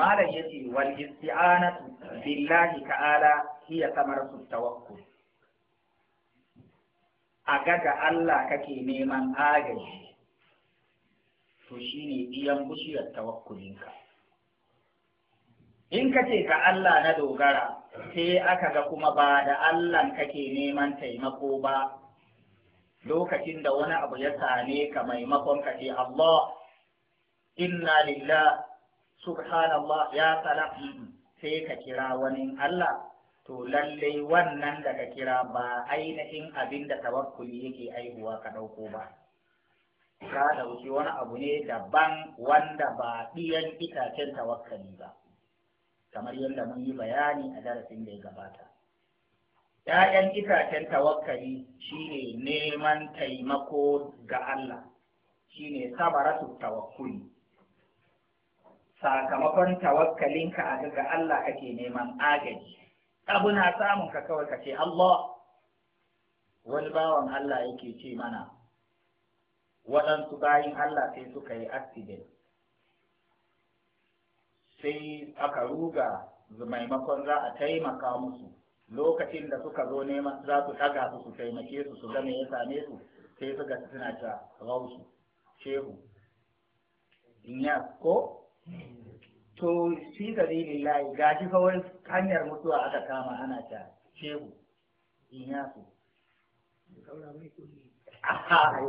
malam yace wal isti'anatu billahi ta'ala hiya samaratu tawakkul a gaga Allah kake neman agaji to shine iyan bushiyar tawakkulinka in ka ce ka Allah na dogara sai aka ga kuma ba da Allah kake neman taimako ba lokacin da wani abu ya same ka maimakon ka ce Allah inna lillah subhanallah ya salam sai ka kira wani Allah to lallai wannan da ka kira ba ainihin abin da tawakkuli yake aihuwa ka ɗauko ba ka ɗauki wani abu ne daban wanda ba ɗiyan itacen tawakkali ba kamar yadda mun yi bayani a darasin da ya gabata ‘ya'yan itacen tawakkali shine neman taimako ga Allah shine sabaratu tawakkuli sakamakon tawakkalinka a ga Allah kake neman agaji abu na samun ka kawai ka ce Allah wani bawan Allah yake ce mana waɗansu bayin Allah sai suka yi accident sai aka ruga maimakon za a taimaka musu lokacin da suka zo neman za su ɗaga su su taimake su su game ya same su sai suka suna ta rausu shehu inya ko to shi sabili layi ga shi kawai hanyar mutuwa aka kama ana ta shehu in ya su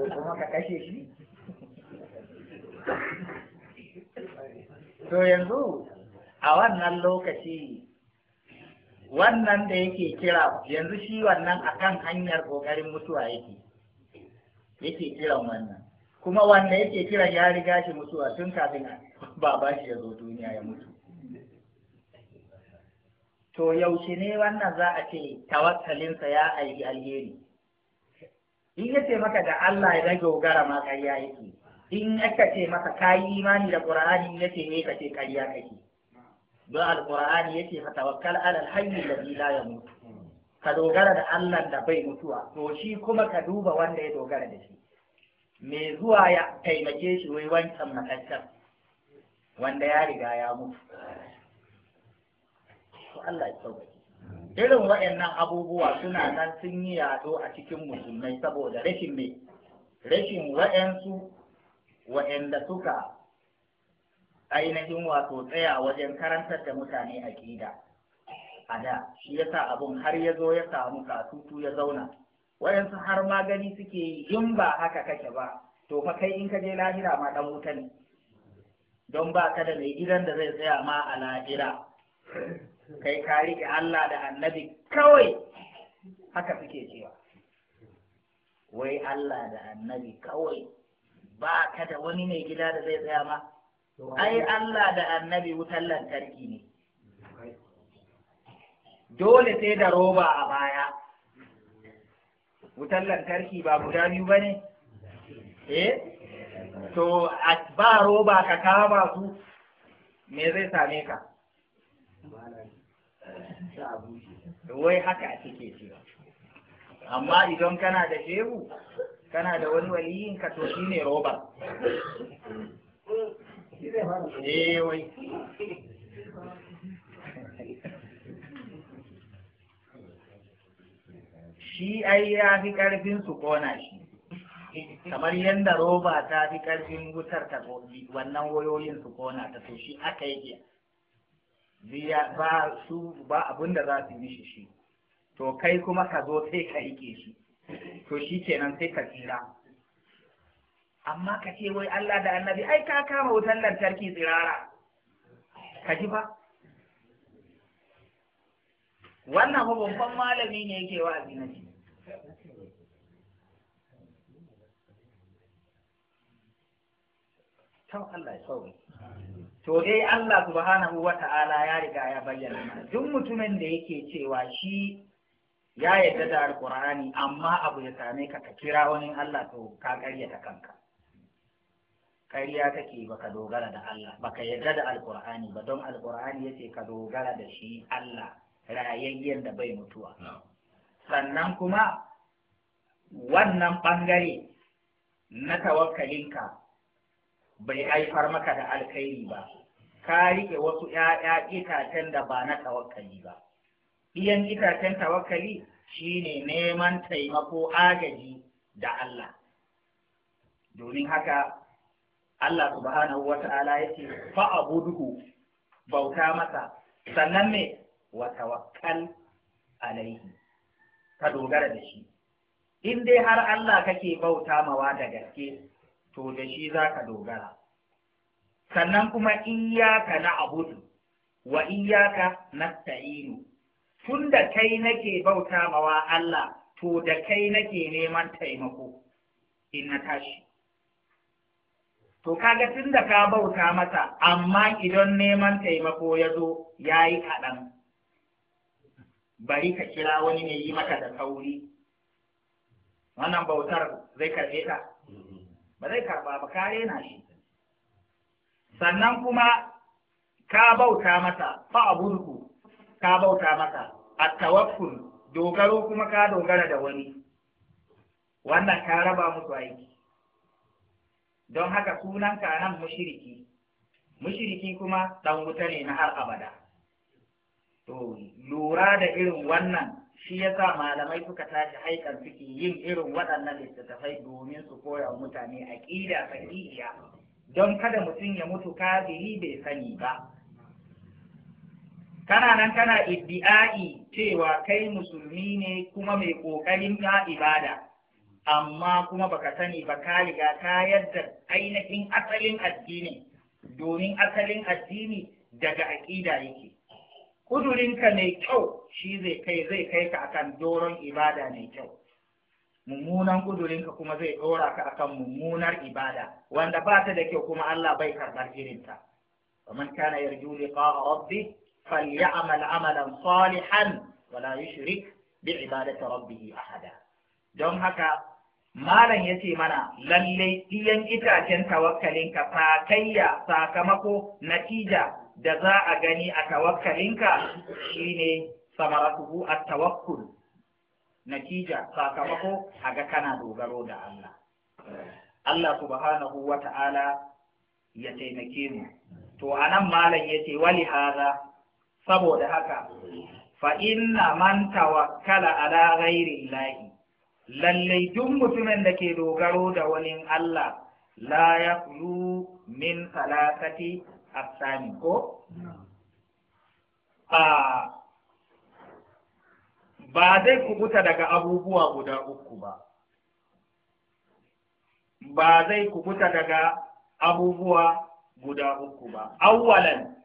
kuma ka kashe shi to yanzu a wannan lokaci wannan da yake kira yanzu shi wannan akan hanyar kokarin mutuwa yake yake kiran wannan kuma wanda yake kiran ya riga shi mutuwa tun kafin ba shi ya zo duniya ya mutu to yaushe ne wannan za a ce tawassalinsa ya aiki alheri in ya ce maka da Allah ya rage gara ma ƙarya yake in aka ce maka kayi imani da qur'ani ce ne ce ƙarya kake don ya ce fa tawakkal ala da alladhi la yamut ka dogara da Allah da bai mutuwa to shi kuma ka duba wanda ya dogara da shi me zuwa ya taimake shi wai wancan makasar wanda ya riga ya mutu Allah ya irin waɗannan abubuwa suna nan sun yi yado a cikin musulmai saboda rashin ne rashin waɗansu waɗanda suka ainihin wato tsaya wajen karantar da mutane a ƙida a da shi yasa abun har ya zo ya samu katutu ya zauna waɗansu har magani suke yi in ba haka kake ba to fa kai in ka je lahira ma ɗan wuta ne don ba ka da mai gidan da zai tsaya ma a lahira kai ka riƙe Allah da annabi kawai haka suke cewa wai Allah da annabi kawai ba ka da wani mai gida da zai tsaya ma ai Allah da annabi wutar lantarki ne dole sai da roba a baya wutar lantarki ba guda biyu ba ne eh to a ba roba ka kama su me zai same ka wai haka a cike ce amma idan kana da shehu kana da wani waliyin ka to shine roba eh, shi ai ya fi karfin su kona shi kamar yadda roba ta fi ƙarfin wutar ta wannan wayoyin su kona ta to shi aka yi biya ba su ba abin da za su mishi shi to kai kuma ka zo sai ka rike shi to shi kenan sai ka tsira amma ka ce wai Allah da annabi ai ka kama wutar lantarki tsirara ka ji ba wannan babban malami ne yake wa azinaci kan Allah ya sauke to dai Allah subhanahu wa ta'ala ya riga ya bayyana mana duk mutumin da yake cewa shi ya yarda da alqur'ani amma abu ya same ka ka kira wani Allah to ka karyata kanka ƙarya kake baka dogara da Allah baka yarda da alkur'ani ba don ya yace ka dogara da shi Allah rayayyen da bai mutuwa sannan kuma wannan ɓangare na tawakkalinka bai haifar maka da alkhairi ba ka riƙe wasu ‘ya'ya itacen da ba na tawakkali ba iyan itacen tawakkali shi ne neman taimako agaji da Allah domin haka Allah subhanahu wa ta'ala yake fa'abuduhu bauta masa sannan me wa tawakkal alaihi ka dogara da shi in dai har Allah kake bauta mawa da gaske to da shi za ka dogara sannan kuma iyaka na abudu wa iyaka nasta'inu tun da kai nake bauta mawa Allah to da kai nake neman taimako in na tashi to kaga tun da ka bauta masa amma idan neman taimako ya zo ya yi kaɗan bari ka kira wani mai yi maka da sauri wannan bautar zai karɓe ta mm-hmm. ba zai karba ba ka rena shi sannan kuma ka bauta masa fa abudu ka bauta masa a tawakkul dogaro kuma ka dogara da wani wannan ka raba musu aiki don haka sunan ka nan mushriki mushriki kuma dan wuta ne na har abada to lura da irin wannan shi yasa malamai suka tashi haikar suke yin irin waɗannan littattafai domin su koya wa mutane a aƙida sahihiya don kada mutum ya mutu kafiri bai sani ba kana nan kana iddi'ai cewa kai musulmi ne kuma mai ƙoƙarin ya ibada amma kuma baka sani ba ka riga ka yadda ainihin asalin addini domin asalin addini daga aƙida yake kudurinka mai kyau shi zai kai zai kai ka akan doron ibada mai kyau mummunan kudurinka kuma zai dora ka akan mummunar ibada wanda ba ta da kyau kuma Allah bai karɓar irinta kana yarju liqa rabbi falyamal amalan salihan wala yushrik bi ibadati ربه ahada don haka malam ya ce mana lalle iyan itacen tawakkalinka kayya sakamako natija da za a gani a tawakkalinka ne samaratuhu a tawakkul natija sakamako a ga kana dogaro da Allah Allah subhanahu wa ta'ala ya taimake mu to a nan malam ya ce wali haza, saboda haka fa'inna man tawakkala ala ghairi lahi. lallai duk mutumin da ke dogaro da wani Allah la ya min salasati asani ko ah, ba zai kubuta daga abubuwa guda uku ba ba zai kubuta daga abubuwa guda uku ba awwalan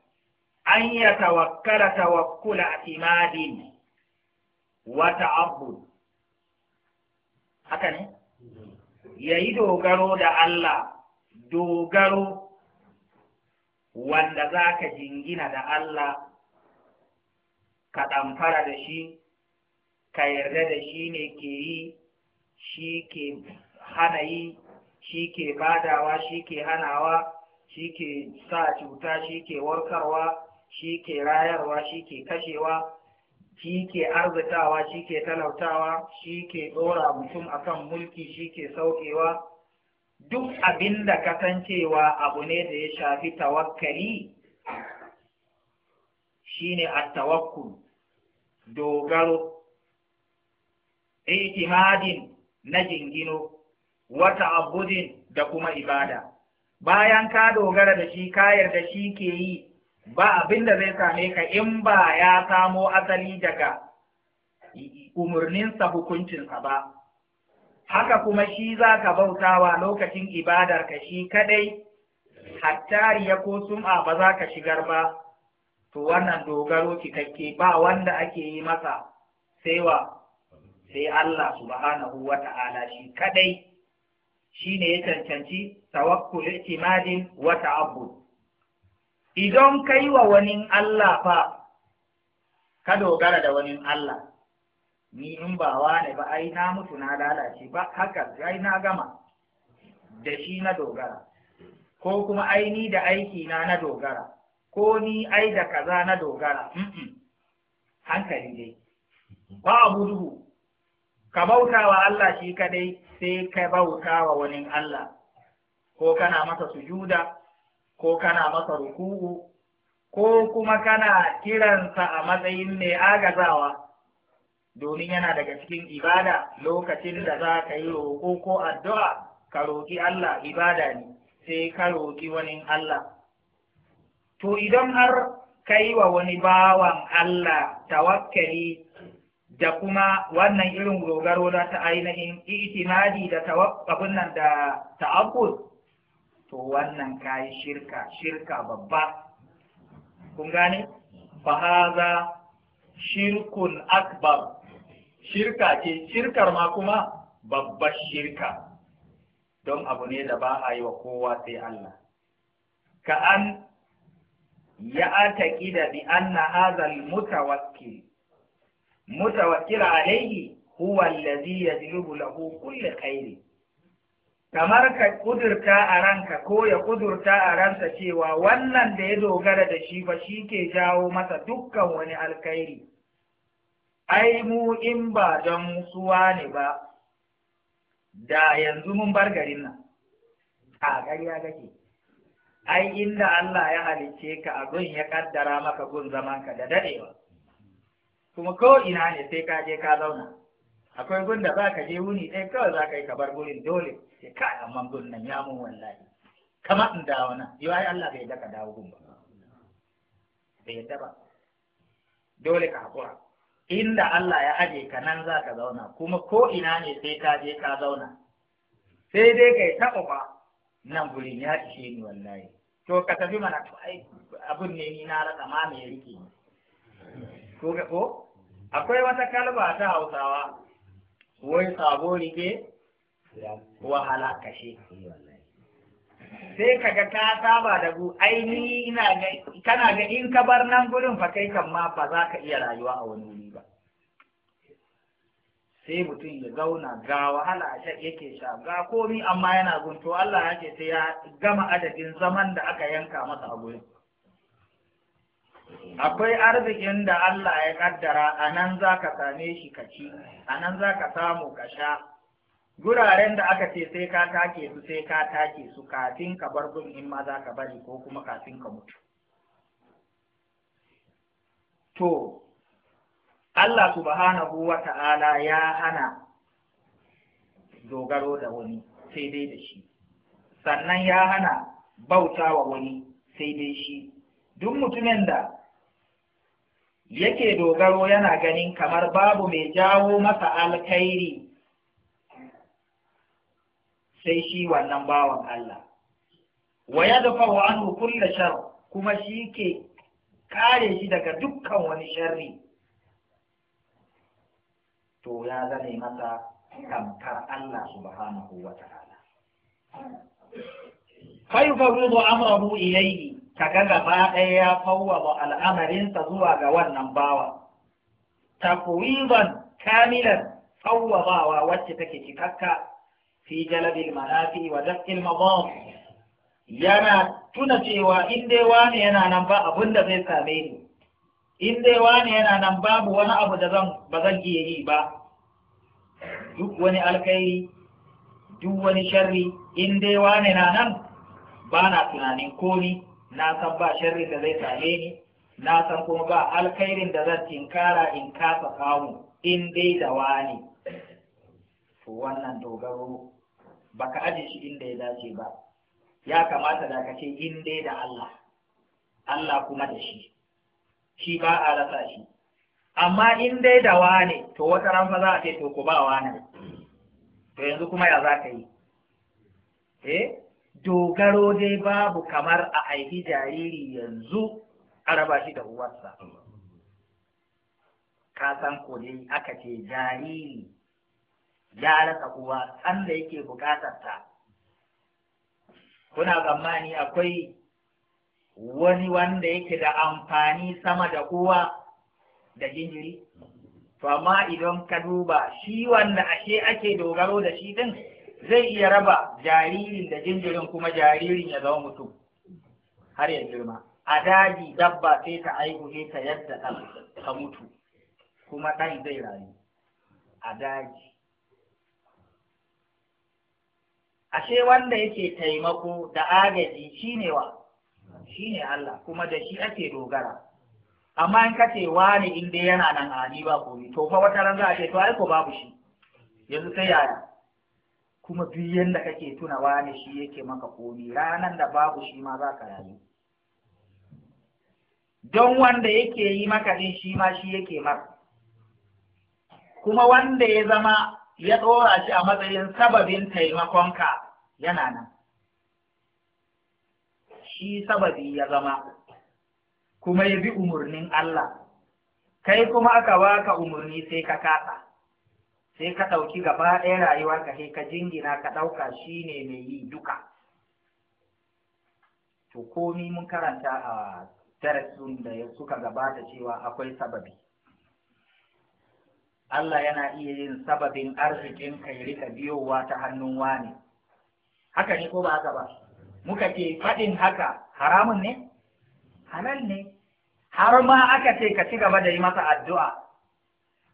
an ya tawakkala tawakkula imadin wa ta'abbud haka ne mm-hmm. yayi dogaro da Allah dogaro wanda za ka jingina da Allah ka ɗamfara da shi ka yarda da shi ne ke yi shi ke hana yi shi ke badawa shi ke hanawa shi ke sa cuta shi ke warkarwa shi ke rayarwa shi ke kashewa shi ke arzikawa shi ke talautawa shi ke ɗora mutum akan mulki shi ke saukewa duk abin da kasancewa abu ne da ya shafi tawakkali shine at dogaro ijtihadin na jingino wata abudin da kuma ibada bayan ka dogara da shi ka yarda shi ke yi ba abin da zai same ka in ba ya samo asali daga umarninsa hukuncinsa ba haka kuma shi za ka bautawa lokacin ibadar ka shi kadai ya ko sum'a ba za ka shigar ba to wannan dogaro cikakke ba wanda ake yi masa sai wa sai Allah subhanahu wa ta'ala shi kadai shi ne ya cancanci tawakkul itimadin wa ta'abbud idan kai wa wani Allah fa ka dogara da wani Allah ni in ba wane ba ai na mutu na lalace ba haka ai na gama da shi na dogara ko kuma ai ni da aiki na na dogara ko ni ai da kaza na dogara hankali dai ba duhu ka bauta wa Allah shi kadai sai ka bauta wa wani Allah ko kana masa sujuda ko kana masa ruku'u ko kuma kana kiransa a matsayin mai agazawa domin yana daga cikin ibada lokacin da za ka yi roƙo ko addu'a ka roƙi Allah ibada ne sai ka roƙi wani Allah. To idan har kai wa wani bawan Allah tawakkali da kuma wannan irin rogaro na ta ainihin itimadi da abin nan da ta'abbud to wannan ka shirka shirka babba. Kun gane? Fahaza shirkun akbar shirka ce shirkar ma kuma babbar shirka don abu ne da ba a yi wa kowa sai Allah ka an ya ataki da bi anna hazal mutawakkil mutawakkil alaihi huwa allazi yajlubu lahu kulle kairi. kamar ka kudurta a ranka ko ya kudurta a ransa cewa wannan da ya dogara da shi ba shi ke jawo masa dukkan wani alkhairi ai mu in ba don suwa ne ba da yanzu mun bar garin nan a gariya gake ai inda Allah ya halicce ka a gun ya kaddara maka gun zaman ka da dadewa kuma ko ina ne sai ka je ka zauna akwai gun da zaka je wuni ɗaya kawai za ka yi ka bar gurin dole sai ka amma gun nan ya mun wallahi kama in dawo nan yau Allah bai daka dawo gun ba bai yadda ba dole ka haƙura inda Allah ya aje ka nan za ka zauna kuma ko ina ne sai ka je ka zauna sai dai kai taɓa ba nan guri ya ishe ni wallahi to ka tafi mana abun ne ni na rasa ma me rike ni ko ga ko akwai wata kalba ta Hausawa wai sabo rike wahala kashe sai ka ga ka saba da gu aini ina ga kana ga in ka bar nan gurin fa kai kan ma ba za ka iya rayuwa a wani wuri ba sai mutum ya zauna ga wahala a yake sha ga komi amma yana gun to Allah ya ce sai ya gama adadin zaman da aka yanka masa a gurin akwai arzikin da Allah ya kaddara anan nan za ka same shi ka ci a nan za ka samu ka sha guraren da aka ce sai ka take su sai ka take su kafin ka bar gun in ma za ka bari ko kuma kafin ka mutu to Allah subhanahu wa ta'ala ya hana dogaro da wani sai dai da shi sannan ya hana bauta wa wani sai dai shi duk mutumin da yake dogaro yana ganin kamar babu mai jawo masa alkhairi sai shi wannan bawan Allah wa an anhu da shar kuma shi ke kare shi daga dukkan wani sharri to ya zane masa tamkar Allah subhanahu wa ta'ala fa yufarridu amrahu ilayhi ganga gaba ɗaya ya ba al'amarinsa zuwa ga wannan bawa takwiban kamilan fawwadawa wacce take cikakka fi jalabil manafi wa daf'il madami yana tuna cewa in dai wani yana nan ba abun da zai same ni in dai wani yana nan babu wani abu da zan ba zan iya yi ba duk wani alkai duk wani sharri in dai wani na nan ba na tunanin komi na san ba sharri da zai same ni na san kuma ba alkairin da zan tinkara in kasa kamu in dai da wani wannan dogaro baka aje shi inda ya dace ba ya kamata da ka ce in dai da Allah Allah kuma da shi shi ba a rasa shi amma in dai da wane to wata ran fa za a ce to ku ba wane to yanzu kuma ya za ka yi eh dogaro dai babu kamar a haifi jariri yanzu a raba shi da uwarsa ka san ko dai aka ce jariri ya rasa uwa san da yake bukatar ta kuna tsammani akwai wani wanda yake da amfani sama da kowa da jinjiri to amma idan ka duba shi wanda ashe ake dogaro da shi din zai iya raba jaririn da jinjirin kuma jaririn ya zama mutum har ya girma a daji dabba sai ta aihuhe ta yadda ka mutu kuma ɗan zai rayu a daji ashe wanda yake taimako da agaji shine wa shine Allah kuma da shi ake dogara amma in kace wani in dai yana nan a ba ba komai to fa wata ran za a ce to ai ko babu shi yanzu sai yaya kuma duk yanda kake tuna wani shi yake maka komi ranan da babu shi ma za ka rayu don wanda yake yi maka din shi ma shi yake maka kuma wanda ya zama ya ɗora shi a matsayin sababin taimakonka yana nan shi sababi ya zama kuma ya bi umarnin Allah kai kuma aka baka umarni sai ka kasa sai ka ɗauki gaba ɗaya ka sai ka jingina ka ɗauka shi mai yi duka to komi mun karanta a darasin da suka gabata cewa akwai sababi Allah yana iya yin sababin arzikin kai rika biyowa ta hannun wani haka ne ko ba haka ba muka ce faɗin haka haramun ne halal ne har ma aka ce ka ci gaba da yi masa addu'a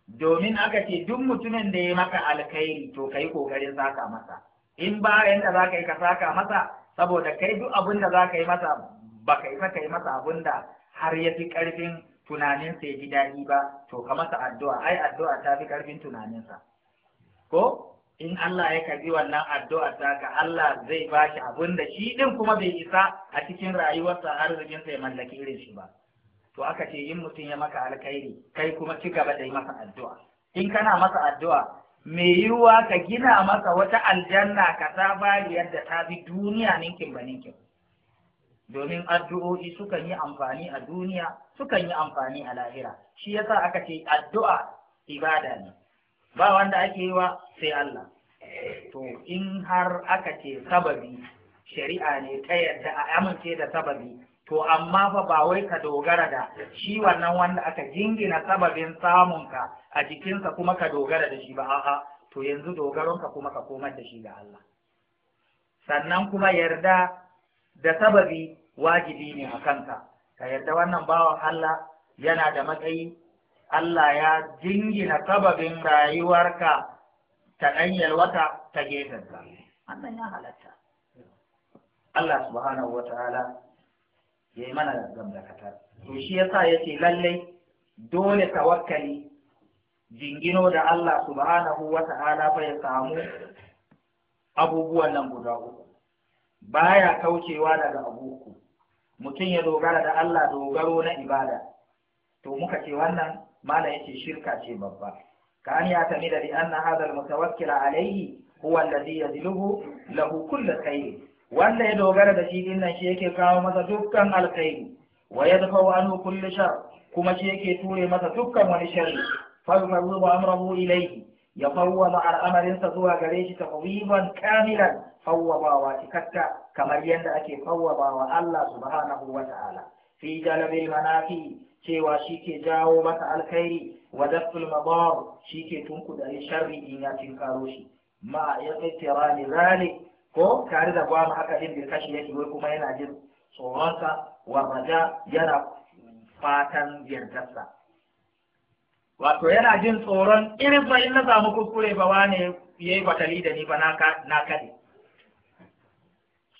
domin aka ce duk mutumin da ya maka alkhairi to kai kokarin saka masa in ba yanda za ka yi ka saka masa saboda kai duk abin da za ka yi masa ba ka isa ka yi masa abin da har ya fi ƙarfin tunaninsa ya ji daɗi ba to ka masa addu'a ai addu'a ta fi ƙarfin tunaninsa ko in Allah ya karbi wannan addu'a ta ga Allah zai ba shi abin da shi din kuma bai isa a cikin rayuwarsa arzikinsa ya mallaki irin shi ba to aka ce in mutum ya maka alkhairi kai kuma ci gaba da yi masa addu'a in kana masa addu'a me yiwuwa ka gina masa wata aljanna ka ta bari yadda ta bi duniya ninkin ba ninkin domin addu'o'i sukan yi amfani a duniya sukan yi amfani a lahira shi yasa aka ce addu'a ibada ne ba wanda ake yi wa sai Allah to in har aka ce sababi shari'a ne ta yadda a amince da sababi to amma fa ba wai ka dogara da shi wannan wanda aka jingina sababin samunka a jikinsa kuma ka dogara da shi ba a'a to yanzu dogaronka kuma ka komar da shi ga Allah sannan kuma yarda da sababi wajibi ne a kanka ka yarda wannan bawan Allah yana da matsayi Allah ya jingina sababin rayuwarka ta ɗanyar wata ta gefensa wannan ya halatta Allah subhanahu wata ya yi mana gamdakatar to shi yasa ya ce lallai dole tawakkali jingino da Allah subhanahu wa ba bai samu abubuwan nan guda uku baya kaucewa daga abubuwa. mutum ya dogara da Allah dogaro na ibada to muka ce wannan mala yace shirka ce babba كأن يعتمد بأن هذا المتوكل عليه هو الذي يدله له كل خير وأن يدوغر دشي إن شيك كاو مسا دكان الخير ويدفع عنه كل شر كما شيك توري مسا دكان ونشر فيفوض أمره إليه يفوض على أمر سزوى غريش تفويضا كاملا فوضا واتكتا كما يندأك فوضا الله سبحانه وتعالى في جلب المنافي cewa shi ke jawo masa alkhairi wa daftul madar shi ke tunkuda ya sharri in ya tinkaro shi ma ya tsira ne rane ko tare da gwamma haka din bai kashe yake wai kuma yana jin tsoronsa wa raja yana fatan yardarsa wato yana jin tsoron irin ba in na samu kuskure ba wane yi batali da ni ba na kade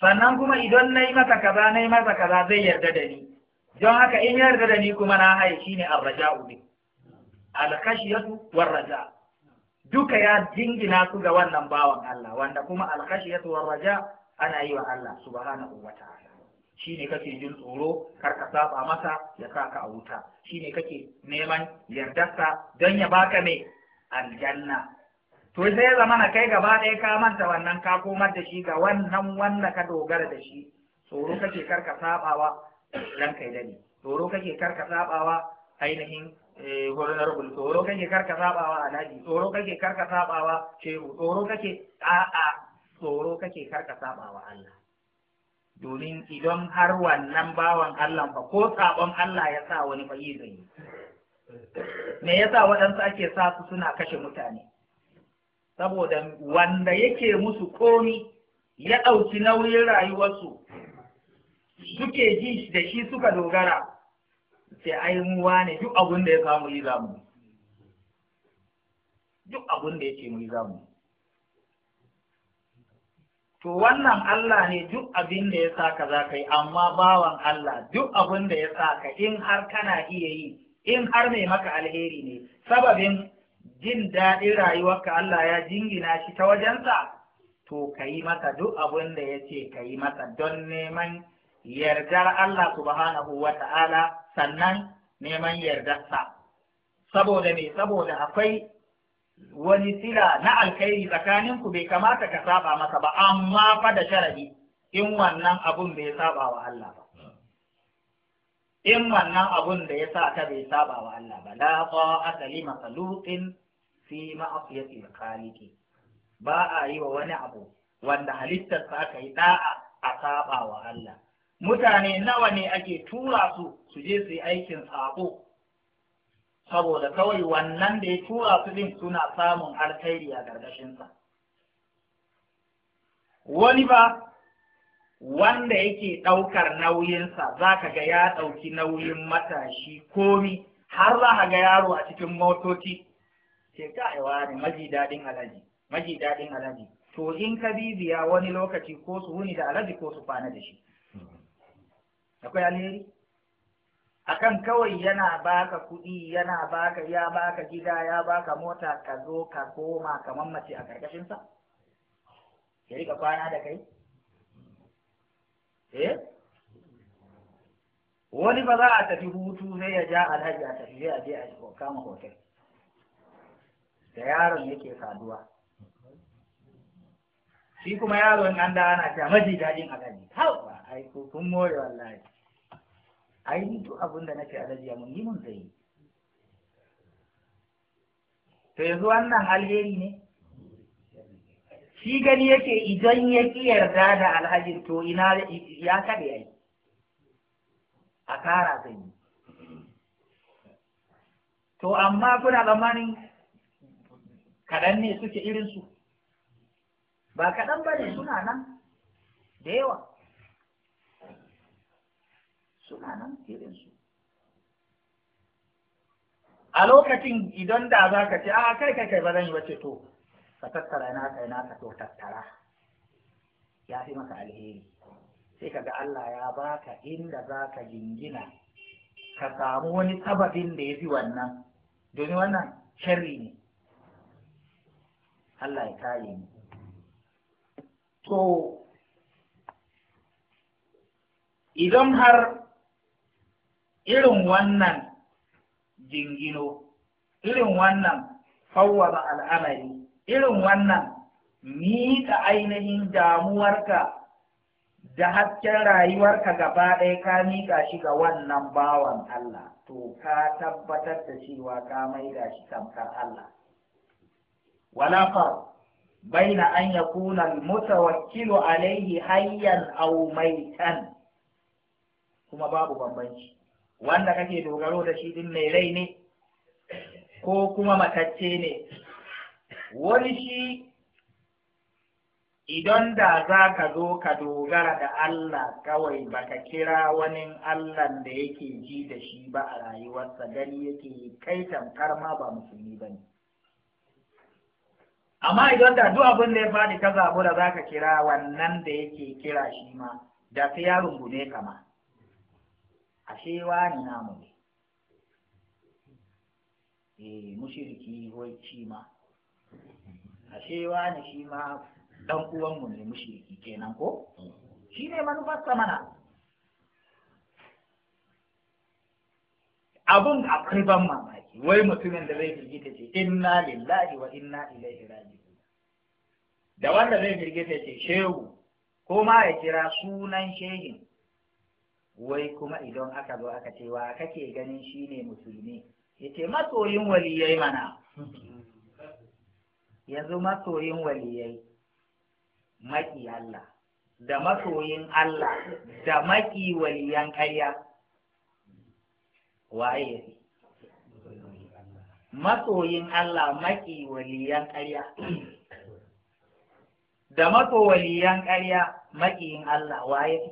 sannan kuma idan na yi masa kaza na yi masa kaza zai yarda da ni don haka in yarda da ni kuma na haye shine arraja'u ne alkashiyatu war raja duka ya jingina su ga wannan bawan Allah wanda kuma alkashiyatu war raja ana yi wa Allah subhanahu Shi shine kake jin tsoro kar ka saba masa ya saka a wuta shine kake neman yardarsa don ya baka ne aljanna to sai ya zama na kai gaba ɗaya ka manta wannan ka komar da shi ga wannan wanda ka dogara da shi tsoro kake kar ka sabawa dan kai dani tsoro kake kar ka sabawa ainihin horonar eh, bul tsoro kake karka sabawa alhaji tsoro kake karka sabawa shehu tsoro kake a'a tsoro kake karka sabawa Allah domin idan har wannan bawan Allah fa ko sabon Allah ya sa wani fa yi zai me yasa waɗansu ake sa su suna kashe mutane saboda wanda yake musu komi ya ɗauki nauyin rayuwarsu suke ji da shi suka dogara sai ai muwa ne duk abun da ya samu yi zamu duk abun da yake mu yi zamu to wannan Allah ne duk abin da ya sa ka za ka amma bawan Allah duk abin da ya sa ka in har kana iya yi in har mai maka alheri ne sababin jin daɗin rayuwarka Allah ya jingina shi ta wajensa to ka yi masa duk abin da ya ce ka yi masa don neman yardar Allah subhanahu wa ta'ala sannan neman yardarsa. Saboda me saboda akwai wani sila na alkhairi tsakaninku bai kamata ka saba masa ba, amma fa da sharadi in wannan abun bai saba wa Allah ba. In wannan abun da ya sa ka bai saba wa Allah ba, la ta'ata li makhluqin fi ma'asiyati khaliqi. Ba a yi wa wani abu wanda halittarsa aka yi da'a a saba wa Allah. mutane nawa ne ake tura su su je su yi aikin sabo saboda kawai wannan da ya tura su din suna samun alkhairi a gargashinsa wani ba wanda yake ɗaukar nauyinsa za ka ga ya ɗauki nauyin matashi komi har za ka ga yaro a cikin motoci Ke ka aiwa ne maji daɗin alaji maji daɗin alaji to in ka bibiya wani lokaci ko su wuni da alaji ko su kwana da shi akwai alheri akan kawai yana baka kuɗi yana baka ya baka gida ya baka mota ka zo ka koma kamar mace a sa ya rika kwana da kai eh wani ba za a tafi hutu sai ya ja alhaji a tafi sai a je a kama hotel da yaron yake saduwa shi kuma yaron nan da ana ta maji dajin alhaji hau ai kun more wallahi ai duk abin da nake alaji mun yi mun zai to yanzu wannan alheri ne shi gani yake idan ya ki yarda da alhajin to ina ya kada yayi a kara zai yi to amma kuna zamanin kaɗan ne suke irinsu ba kaɗan ba ne suna nan da yawa irin su. a lokacin idan da za ka ce a ah, kai kai kai ba zan yi wace to ka tattara na kai na ka to tattara ya fi maka alheri sai ka ga Allah ya baka inda za ka jingina ka samu wani sababin da ya fi wannan domin wannan sharri ne Allah ya kare ni to idan har irin wannan jingino irin wannan fawwada al'amari irin wannan miƙa ainihin damuwarka da hasken rayuwarka gaba ɗaya ka miƙa shi ga wannan bawan Allah to ka tabbatar da cewa ka maida shi tamkar Allah wala Baina an ya يكون mutawakkilu عليه hayyan أو ميتا kuma babu bambanci wanda kake dogaro da shi din mai rai ne ko kuma matacce ne wani shi idan da za ka zo ka dogara da Allah kawai baka kira wani Allah da yake ji da shi ba a rayuwarsa gani yake kai tamkar ma ba musulmi ba ne amma idan da duk abin da ya faɗi ka da za ka kira wannan da yake kira shi ma da su ya rungume kama. ashe wani namu ne E, eh, mushiriki wai shi ma ashe wani shi ma dan uwan mu ne mushiriki kenan ko shi ne manufarsa mana abun akwai ban mamaki wai mutumin da zai firgita ce inna lillahi wa inna ilaihi raji'un da wanda zai firgita ce shehu ko ma ya kira sunan shehin wai kuma idan aka zo aka ce wa kake ganin shi ne musulmi Ya ce, masoyin waliyai mana yanzu masoyin waliyai maki Allah da masoyin Allah da maki waliyan ƙarya waye masoyin Allah maki waliyan ƙarya da maso waliyan ƙarya maki Allah waye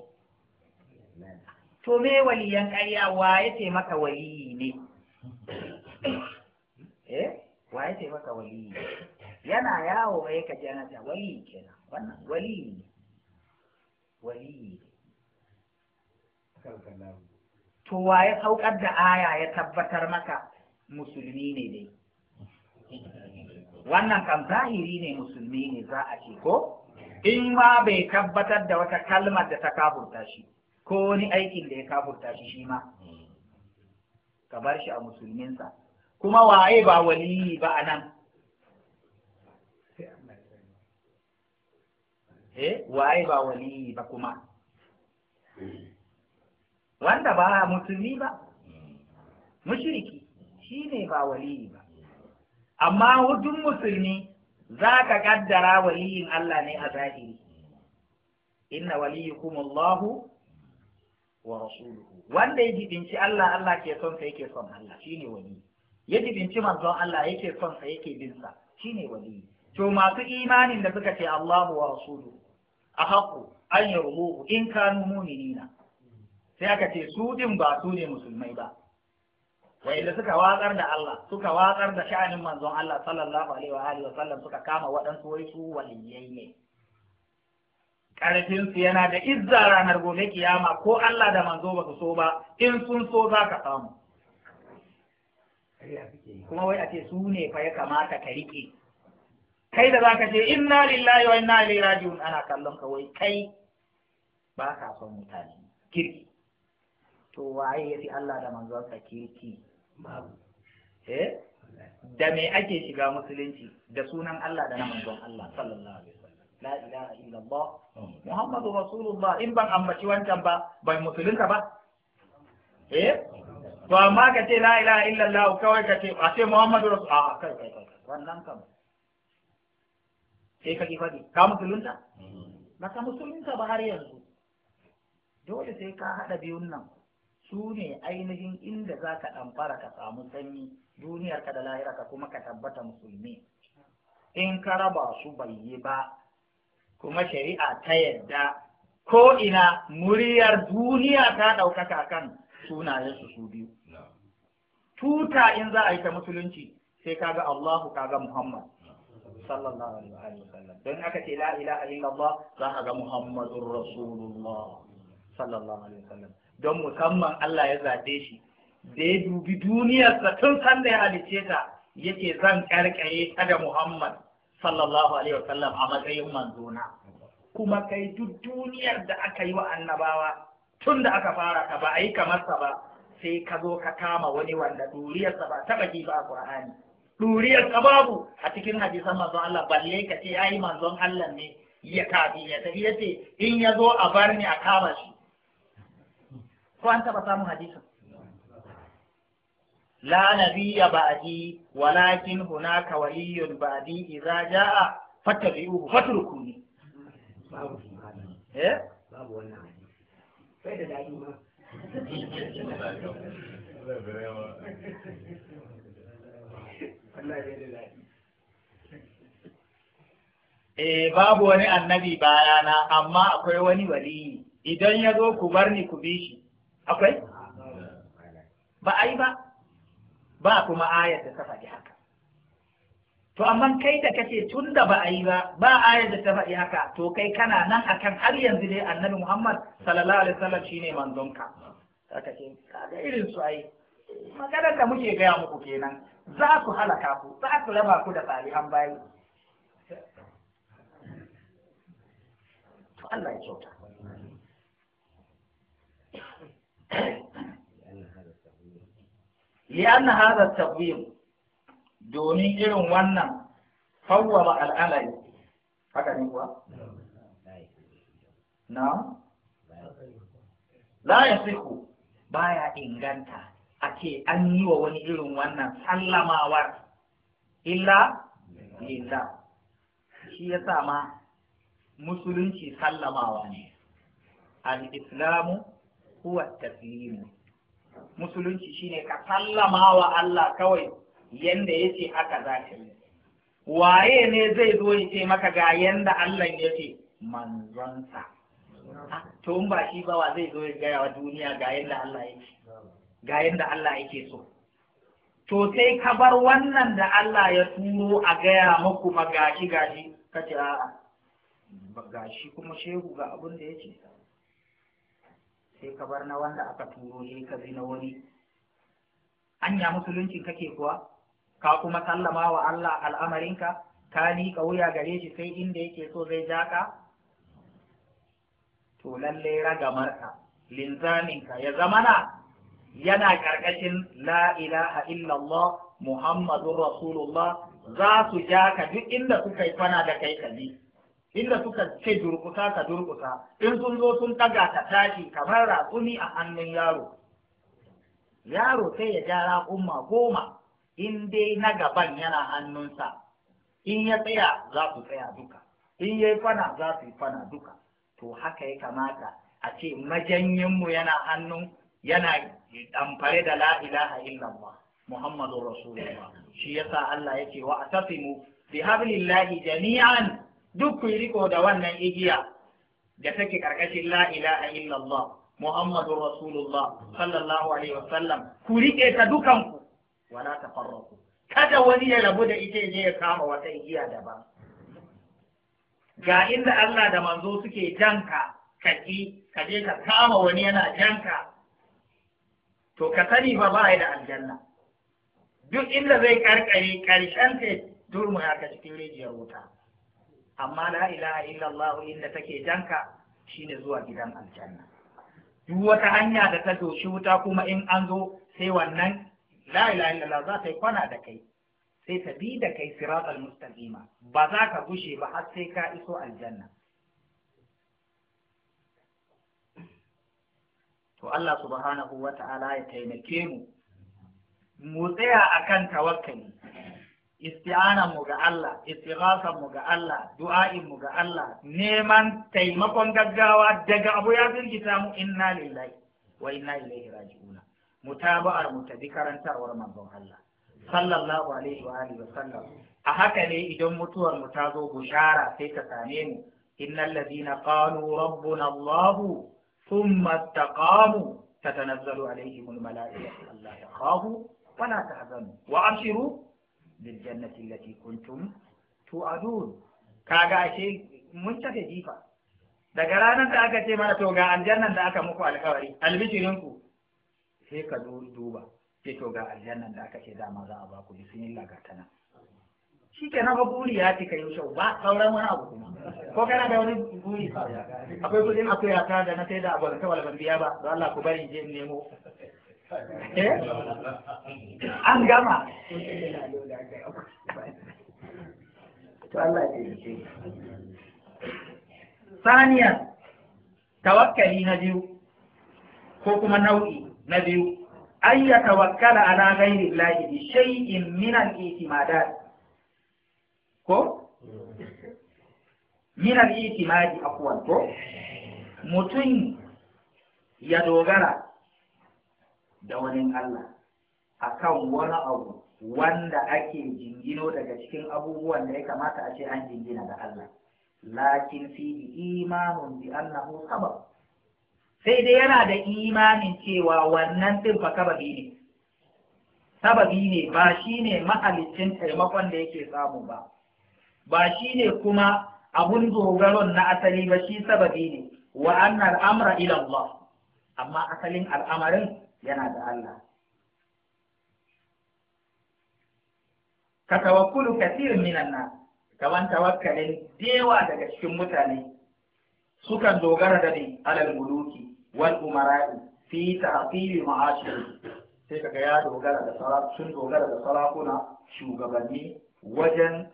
to me waliyan ƙarya wa ya ce maka wali ne eh wa ya ce maka wali yana yawo mai ka ji ana waliyi kenan wannan waliyi ne wali ne to wa ya saukar da aya ya tabbatar maka musulmi ne dai wannan kan zahiri ne musulmi ne za a ce ko in ma bai tabbatar da wata kalmar da ta kaburta shi ko wani aikin da ya kafurta shi shi ma ka bar shi a musulminsa kuma waye ba waliyi ba a nan eh waye ba waliyi ba kuma wanda ba musulmi ba mushriki shi ne ba waliyi ba amma hudun musulmi za ka kaddara waliyin Allah ne a zahiri inna waliyukum Allahu wa rasuluhu wanda ya jibinci Allah Allah ke son sa yake son Allah shine wali ya jibinci manzon Allah yake son sa yake bin sa shine wali to masu imanin da suka ce Allahu wa rasuluhu a haƙu an yarzuhu in kanu mu'minina sai aka ce su din ba su ne musulmai ba da suka watsar da Allah suka watsar da sha'anin manzon Allah sallallahu alaihi wa alihi wa sallam suka kama waɗansu wai su waliyai ne ƙarfinsu yana da izza ranar gobe kiyama ko Allah da manzo ba so ba in sun so za ka samu kuma wai a ce su ne fa ya kamata ka riƙe kai da za ka ce inna lillahi wa inna ilaihi raji'un ana kallon ka wai kai ba ka son mutane kirki to waye ya fi Allah da manzonsa kirki babu eh da me ake shiga musulunci da sunan Allah da na manzon Allah sallallahu alaihi la ilaha illallah oh, muhammadu rasulullah in ban ambaci wancan ba ban musulunta ba eh to amma ka ce la ilaha illallah kawai ka ce a ce muhammadu rasulullah a kai kai kai wannan kam sai ka ki faɗi ka musulunta mm. ba ka musulunta ba har yanzu dole sai ka haɗa biyun nan su ne ainihin inda za ka fara ka samu sanyi duniyarka da ka kuma ka tabbata musulmi in ka raba su bai yi ba kuma shari'a ta yadda ko ina muryar duniya ta ɗaukaka kan sunayen su su biyu tuta in za a yi ta musulunci sai kaga Allahu kaga Muhammad sallallahu alaihi wa sallam don aka ce la ilaha illallah za a ga Muhammadur Rasulullah sallallahu alaihi wa sallam don musamman Allah ya zaɓe shi da ya dubi duniyarsa tun sanda ya halicce ta yake zan karkare ta da Muhammad sallallahu alaihi wasallam a matsayin manzona kuma kai duk duniyar da aka yi wa annabawa tun da aka fara ka ba a yi kamar sa ba sai ka zo ka kama wani wanda duriyarsa ba taɓa ji ba a Qur'ani duriyarsa babu a cikin hadisan manzon Allah balle ka ce ai manzon Allah ne ya kafi ya tafi yace in ya zo a bar ni a kama shi ko an taɓa samun hadisin لا نبي بعدي walakin hunaka ولي بعدي idza جاء fattabi'uhu fatrukuni babu eh babu wani annabi bayana amma akwai wani waliyi idan ya zo ku bar ni ku bi shi akwai ba a yi ba ba kuma ayar da ta faɗi haka to amma kai da kace tun da ba a yi ba ba ayar da ta faɗi haka to kai kana nan a kan har yanzu dai annabi Muhammad sallallahu alaihi wasallam shine manzonka aka ce kaga irin su ai maganar da muke gaya muku kenan za su halaka ku za su raba ku da salihan bayi to Allah ya kyauta li'an hadha domin irin wannan fawwama al'amari haka ne kuwa na la yasihu baya inganta a an yi wa wani irin wannan sallamawar illa lillah shi ya sa ma musulunci sallamawa ne al-islamu huwa musulunci shine ka sallama wa Allah kawai yanda ce aka za ka yi waye ne zai zo ya ce maka ga yanda Allah ya ce manzonsa to in ba shi ba wa zai zo ya gaya wa duniya ga yanda Allah ce ga yanda Allah yake so to sai ka bar wannan da Allah ya turo a gaya muku ma gashi kace a'a gashi kuma shehu ga abin da ya sa. sai ka bar na wanda aka turo shi ka bi na wani anya musulunci kake kuwa ka kuma sallama wa Allah al'amarinka ka liƙa wuya gare shi sai inda yake so zai ja ka to lallai ragamarka linzaminka ya zamana yana ƙarƙashin la ilaha illallah Muhammadu rasulullah za su ja ka duk inda suka yi fana da kai kaji inda suka ce durkusa ka durkusa in sun zo sun ɗaga ka tashi kamar raƙumi a hannun yaro yaro sai ya ja raƙumma goma in dai na gaban yana hannunsa in ya tsaya za su tsaya duka in ya yi fana za su yi fana duka to haka ya kamata a ce majanyinmu yana hannun yana amfare da la'ilaha ilaha illallah muhammadu rasulullah shi yasa Allah yake wa mu, bi hablillahi jami'an duk ku riko da wannan igiya da take karkashin la ilaha illallah muhammadu rasulullah sallallahu alaihi wasallam ku rike ta dukan ku wala kada wani ya rabu da ita je ya kama wata igiya daban ga inda Allah da manzo suke janka kaji ka je ka kama wani yana janka to ka sani ba ba da aljanna duk inda zai karkare karshen ta durmu ya ka cikin rijiyar wuta amma la ilaha illallah inda take janka shine zuwa gidan aljanna duk wata hanya da ta doshi wuta kuma in an zo sai wannan la ilaha illallah za ta yi kwana da kai sai ta bi da kai siratal mustaqima ba za ka gushe ba har sai ka iso aljanna to Allah subhanahu wa ta'ala ya taimake mu mu tsaya akan tawakkali isti'anan mu ga Allah istighasan mu ga Allah du'a'in mu ga Allah neman taimakon gaggawa daga abu ya firgita mu inna lillahi wa inna ilaihi raji'un mutaba'ar mu ta bi karantarwar manzon Allah sallallahu alaihi wa alihi wa sallam a haka ne idan mutuwar mu ta zo bushara sai ta same mu innal ladina qalu rabbuna Allah thumma istaqamu tatanazzalu alaihim al mala'ikatu alla yakhafu wa la tahzanu wa abshiru biljannati lati kuntum tu'adun kaga ashe mun take jifa daga ranar da aka ce mana to ga aljannan da aka muku alkawari albishirin ku sai ka duba sai to ga aljannan da aka ce dama za a ba ku bismillah ga tana shi ke na buri ya ci yau shau ba sauran wani abu kuma ko kana da wani buri akwai kudin akwai ta da na sai da abu da kawai ban biya ba don Allah ku bari je nemo Eh? an gama saniya tawakkali na biyu ko kuma nau'i na biyu an ya tawakkala ala ghairi lahi bi shay'in min al-i'timadat ko min al-i'timadi afwan ko mutum ya dogara da wani Allah kan wani abu wanda ake jingino daga cikin abubuwan da ya kamata a ce an jingina da Allah lakin fi imanun bi annahu sai dai yana da imanin cewa wannan din fa sababi ne sababi ne ba shi ne mahaliccin taimakon da yake samu ba ba shi ne kuma abun dogaron na asali ba shi sababi ne wa'annan annal amra ila amma asalin al'amarin yana da Allah ka tawakkulu kasirin minan nas kaman tawakkalin dewa daga cikin mutane sukan dogara da ni alal muluki wal umara'i fi ta'tili ma'ashi sai kaga ya dogara da sun dogara da sarakuna shugabanni wajen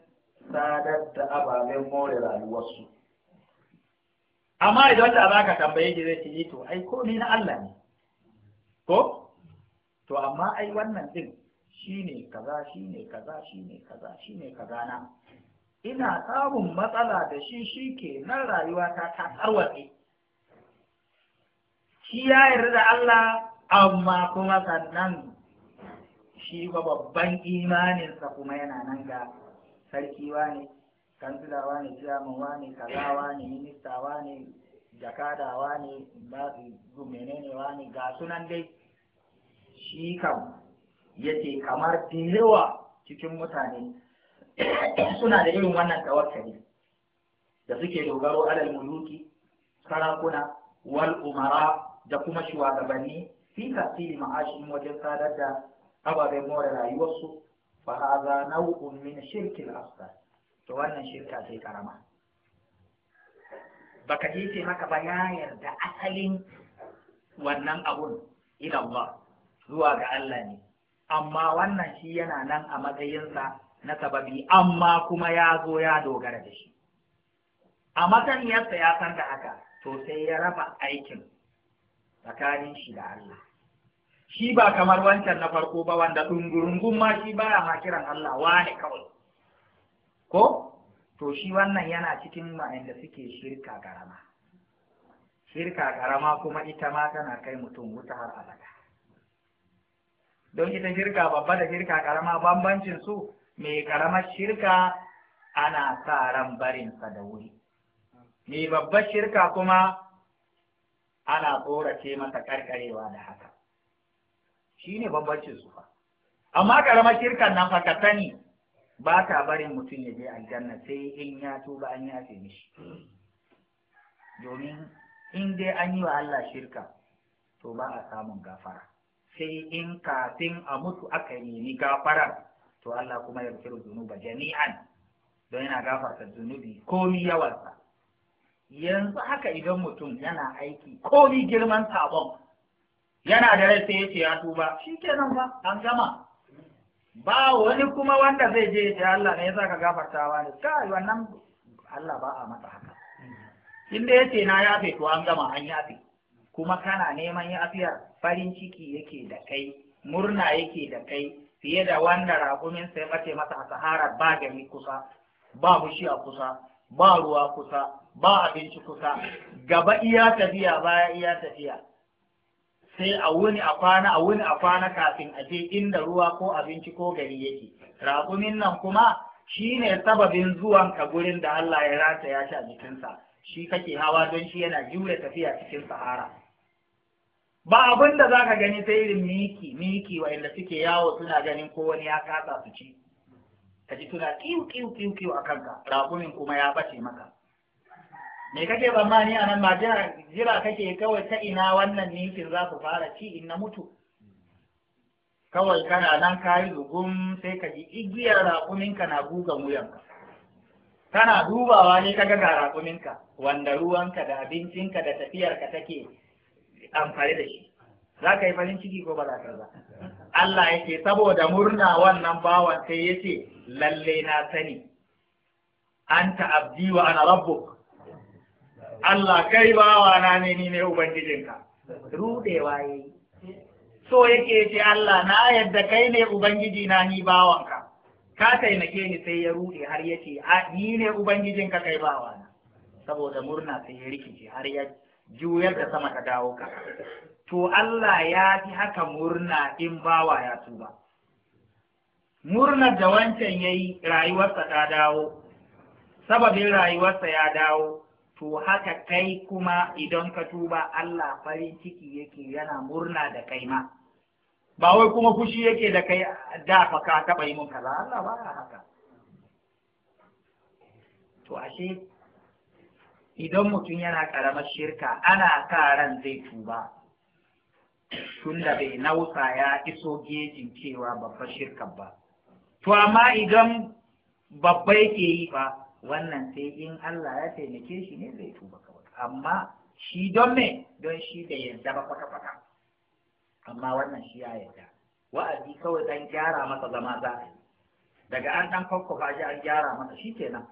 sadar da ababen more rayuwarsu amma idan da za ka tambaye ki zai ce to ai ko ni na Allah ne ko to amma ai wannan din shine kaza shine kaza shine kaza shine kaza na ina samun matsala da shi shi ke na rayuwata ta tarwatse shi ya yarda da Allah amma kuma sannan shi ba babban imaninsa kuma yana nan ga sarki ne, kansila ne, ciyaman ne, kaza ne, minista ne, jakada ne, menene ne, ga sunan dai shi kam yace kamar da cikin mutane suna da irin wannan tawakkali da suke dogaro alal muluki sarakuna wal umara da kuma shugabanni fi tasiri ma'ashin wajen sadar da ababen more rayuwarsu fa hadha nau'un min shirkil asghar to wannan shirka sai karama baka yi ce haka ba ya asalin wannan abun ila Allah zuwa ga Allah ne amma wannan shi yana nan a matsayinsa na sababi amma kuma ya zo ya dogara da shi a masaniyarsa ya san da haka to sai ya raba aikin tsakanin shi da Allah shi ba kamar wancan na farko ba wanda ɗungurungun ma shi ba ya kiran Allah wane kawai ko to shi wannan yana cikin ma'anda suke shirka karama shirka karama kuma ita ma tana kai mutum wuta har abada don ita shirka babba da shirka karama bambancin su mai karamar shirka ana sa ran barinsa da wuri mai babbar shirka kuma ana tsorace masa karkarewa da haka shi ne bambancin su fa amma karamar shirka nan fa ka sani ba ta barin mutum ya je aljanna sai in ya tuba an yafe mishi domin in dai an yi wa Allah shirka to ba a samun gafara sai in kafin a mutu aka nemi gafara to Allah kuma ya rufe zunuba jami'an don yana gafarta zunubi komi yawansa yanzu haka idan mutum yana aiki komi girman sabon yana da rai sai ya ce ya tuba shi kenan ba an gama ba wani kuma wanda zai je ya Allah ne yasa ka gafarta wa ne kai wannan Allah ba a masa haka inda ya ce na yafe to an gama an yafe kuma kana neman yafiyar farin ciki yake da kai murna yake da kai fiye da wanda ragumin sai mace masa a sahara ba gari kusa ba a kusa ba ruwa kusa ba abinci kusa gaba iya tafiya baya iya tafiya sai a wuni a kwana a wuni a kwana kafin a je inda ruwa ko abinci ko gari yake raƙumin nan kuma shi ne sababin zuwan ka gurin da Allah ya rataya shi a jikinsa shi kake hawa don shi yana jure tafiya cikin sahara ba abin da za ka gani sai irin miki miki inda suke yawo suna ganin ko wani ya kasa su ci ka ji suna kiw kiw a kanka rakumin kuma ya bace maka me kake tsammani a nan ba jira kake kawai ta ina wannan nikin za su fara ci in na mutu kawai kana nan ka yi zugun sai ka ji igiyar rakuminka na gugan wuyanka kana dubawa ne ka ga rakuminka wanda ruwanka da abincinka da tafiyarka take amfani da shi za ka yi farin ciki ko ba za ka ba Allah ya ce saboda murna wannan bawan sai ya ce, lalle na sani An abdi wa ana rabbuk Allah kai bawa na ne ni ne ubangijinka rudewa yi so yake ce Allah na yadda kai ne ubangiji na ni bawanka ka taimake ni sai ya rude har ce. ni ne ubangijinka kai bawa na saboda murna sai ya rikice har ya juyar da sama ta dawo ka to Allah ya fi haka murna in bawa ya tuba murnar da wancan yayi rayuwarsa ta dawo sababin rayuwarsa ya dawo to haka kai kuma idan ka tuba Allah farin ciki yake yana murna da kai ma ba wai kuma fushi yake da kai da fa ka taba yi mun kaza Allah ba haka to ashe idan mutum yana ƙaramar shirka ana sa ran zai tuba tunda bai nausa ya iso gejin cewa babbar shirka ba to amma idan babba yake yi ba wannan sai in Allah ya taimake shi ne zai tuba kawai amma shi don me don shi da yarda ba kwata-kwata amma wannan shi ya yarda wa'azi kawai dan gyara masa zama za daga an dan kwakwafa shi an gyara masa shi kenan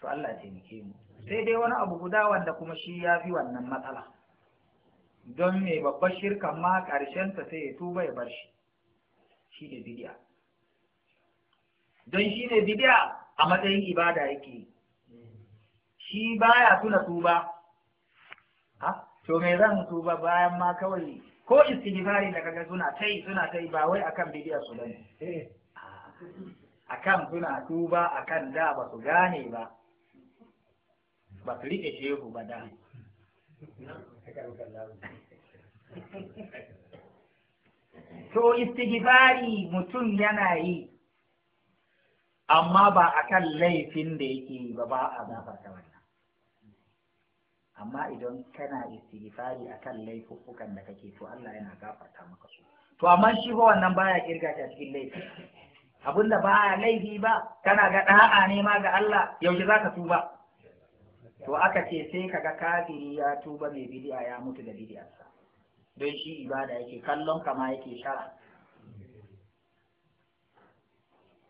to Allah taimake mu sai dai wani abu guda wanda kuma shi ya fi wannan matsala don me babbar shirkan ma ƙarshenta sai ya tuba ya bar shi shi ne bidiya don shi ne bidiya a matsayin ibada yake shi baya tuna tuba ha to me zan tuba bayan ma kawai ko istighfari da kaga suna tai suna tai ba wai akan bidiya su bane eh. akan suna tuba akan da ba su gane ba ba su riƙe shehu ba da to istighfari mutum yana yi amma ba a kan laifin da yake ba ba a gafarta wannan amma idan kana istighfari a kan laifukan da kake to Allah yana gafarta maka su to amma shi ba wannan baya kirga ta cikin laifi abinda ba laifi ba kana ga da'a ne ma ga Allah yaushe zaka tuba to aka ce sai kaga kafiri ya tuba mai bidiya ya mutu da bidiyarsa don shi ibada yake kallon kama yake shara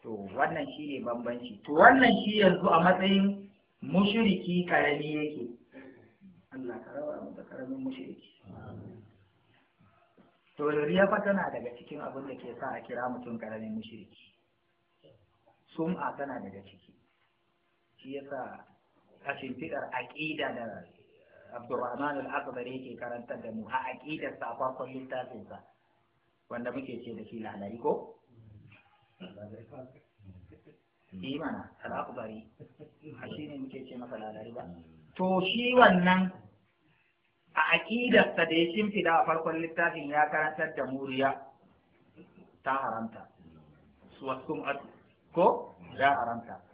to wannan shi ne bambanci to wannan shi yanzu a matsayin mushiriki karami yake Allah ka raba mu da karamin mushiriki to riya fa tana daga cikin abin da ke sa a kira mutum karamin mushiriki sum'a tana daga ciki shi yasa a shimfiɗar aƙida da Abdurrahman al-Akbar yake karantar da mu a aƙidar sa farkon littafin sa wanda muke ce da shi lalari ko Imana al-Akbari a shi ne muke ce masa lalari ba to shi wannan a aƙidar sa da ya shimfiɗa a farkon littafin ya karantar da muriya ta haramta su wasu ko ya haramta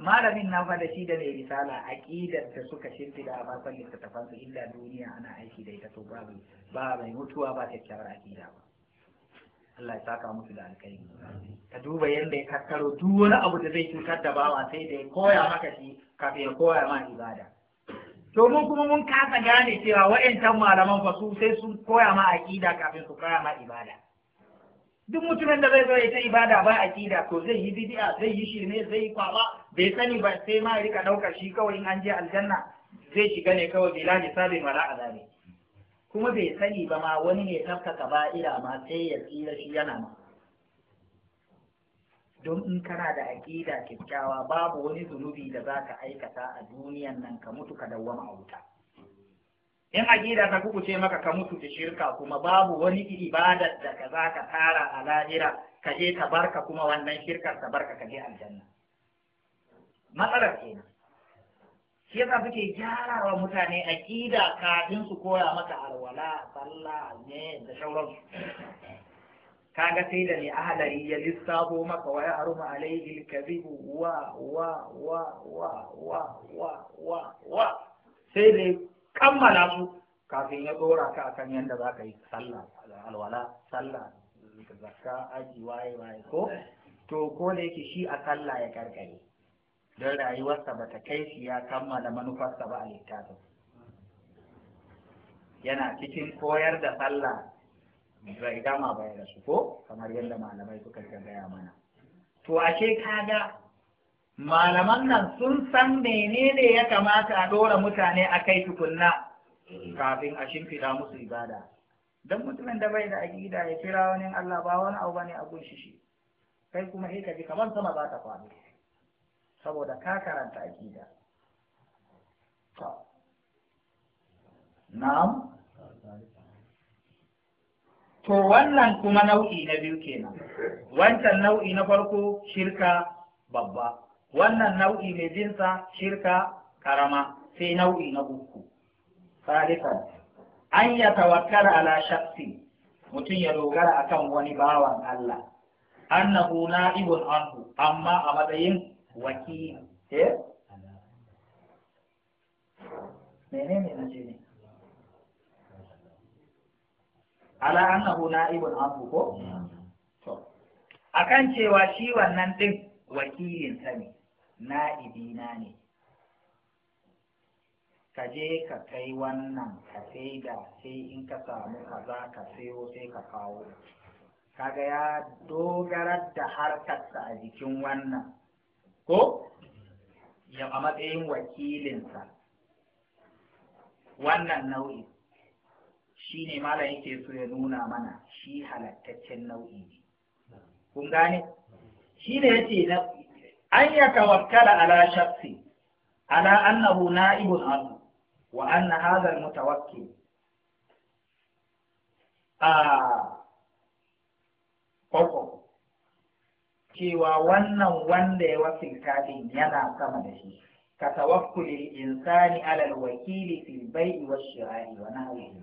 malamin na fa da shi da mai risala aqidar da suka shimfida a farkon littattafan su illa duniya ana aiki da ita to babu ba mai mutuwa ba kyakkyawar aƙida ba Allah ya saka musu da alkai ka duba yadda ya kakkaro duk wani abu da zai cutar da bawa sai da ya koya maka shi kafin ya koya ma ibada to mun kuma mun kasa gane cewa wa'ancan malaman fa su sai sun koya ma aƙida kafin su koya ma ibada duk mutumin da zai zo ya ta ibada ba a kida to zai yi bid'a zai yi shirme zai yi kwaba bai sani ba sai ma rika daukar shi kawai in an je aljanna zai shiga ne kawai bila misali mara azabi kuma bai sani ba ma wani ne tafka ba'ira ma sai ya tsira shi yana ma don in kana da aƙida kyakkyawa babu wani zunubi da za ka aikata a duniyan nan ka mutu ka dawwama a wuta in aqida ta ce maka ka mutu da shirka kuma babu wani ibadar da ka za ka tara a lahira ka je ka barka kuma wannan shirkar ta barka ka je aljanna matsalar kenan shi yasa suke gyara wa mutane aqida kafin su koya maka alwala sallah ne da Ka ga sai da ne ahalari ya lissafo maka wa ya haruma alaihi alkazibu wa wa wa wa wa wa wa sai dai kammala su kafin ya dora ka akan yadda za ka yi sallah alwala sallah zakka aji waye waye ko to ko da yake shi a sallah ya karkare don rayuwarsa ba ta kai shi ya kammala manufarsa ba a littafin yana cikin koyar da sallah bai gama ba ya rasu ko kamar yadda malamai suka gaya mana to ashe ga. malaman nan sun san menene ya kamata a ɗora mutane a kai tukunna kafin a shimfiɗa musu ibada don mutumin da bai da aƙida ya kira wani Allah ba wani abu bane a gunshi shi kai kuma sai ka ji kamar sama za ta faru saboda ka karanta aƙida na'am to wannan kuma nau'i na biyu kenan wancan nau'i na farko shirka babba wannan nau'i mai jinsa shirka karama sai nau'i na uku salifan an ya tawakkala ala shakhsi mutum ya dogara akan wani bawan Allah annahu ibun anhu amma a matsayin wakili eh na ala annahu anhu ko akan cewa shi wannan ɗin wakilin sa ne na'ibina ne ka je ka kai wannan ka sai da sai in ka samu kaza ka sayo sai ka kawo kaga ya dogarar da harkarsa a jikin wannan ko ya a matsayin wakilinsa wannan nau'i shi ne malam yake so ya nuna mana shi halattaccen nau'i ne kun gane shi ne yace an ya tawakkala ala shakhsi ala annahu na'ibun anhu wa anna hadha mutawakkil a ah, koko cewa wannan wanda ya wasu din yana sama da shi ka tawakkulil insani alal wakili fil bai'i wash-shira'i wa nahwihi